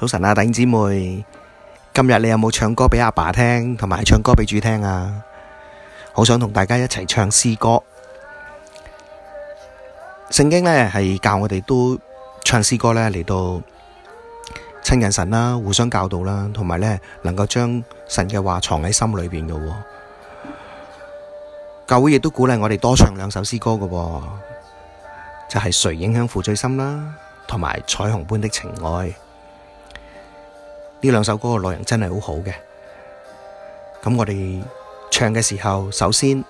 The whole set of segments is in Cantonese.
早晨啊，弟兄姊妹，今日你有冇唱歌畀阿爸聽，同埋唱歌畀主聽啊？好想同大家一齊唱詩歌。聖經呢係教我哋都唱詩歌呢，嚟到親近神啦，互相教導啦，同埋呢能夠將神嘅話藏喺心裏邊嘅喎。教會亦都鼓勵我哋多唱兩首詩歌嘅喎，就係誰影響父最深啦，同埋彩虹般的情愛。呢兩首歌嘅內容真係好好嘅，咁我哋唱嘅時候，首先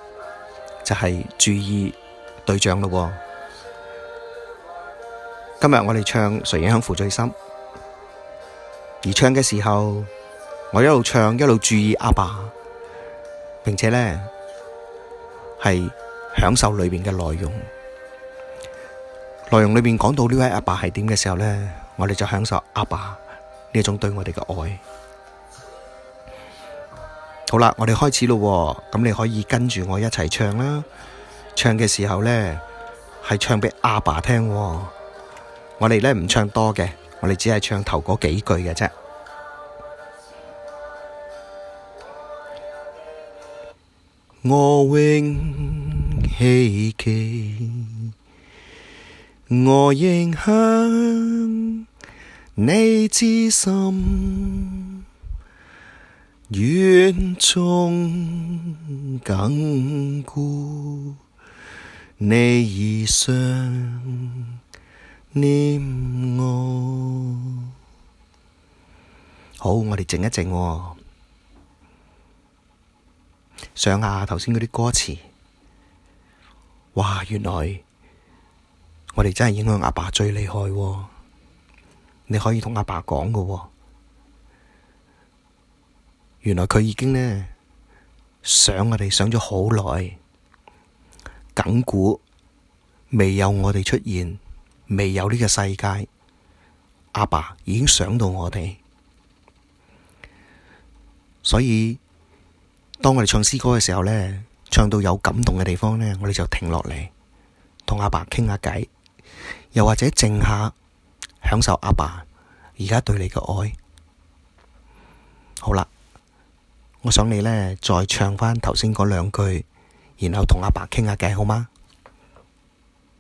就係注意對象咯。今日我哋唱《誰影響父最深》，而唱嘅時候，我一路唱一路注意阿爸，並且呢係享受裏面嘅內容。內容裏面講到呢位阿爸係點嘅時候呢，我哋就享受阿爸。呢一種對我哋嘅愛，好啦，我哋開始咯，咁你可以跟住我一齊唱啦。唱嘅時候呢，係唱畀阿爸爸聽，哦。我哋呢唔唱多嘅，我哋只係唱頭嗰幾句嘅啫。我永希奇，我影響。你之心遠從亙古，你已想念我。好，我哋靜一靜、哦，想下頭先嗰啲歌詞。哇，原來我哋真係影響阿爸，爸最厲害、哦。你可以同阿爸講㗎喎，原來佢已經呢，想我哋想咗好耐，亙古未有我哋出現，未有呢個世界，阿爸已經想到我哋，所以當我哋唱詩歌嘅時候呢，唱到有感動嘅地方呢，我哋就停落嚟同阿爸傾下偈，又或者靜下。享受阿爸而家對你嘅愛，好啦，我想你咧再唱返頭先嗰兩句，然後同阿爸傾下偈，好嗎？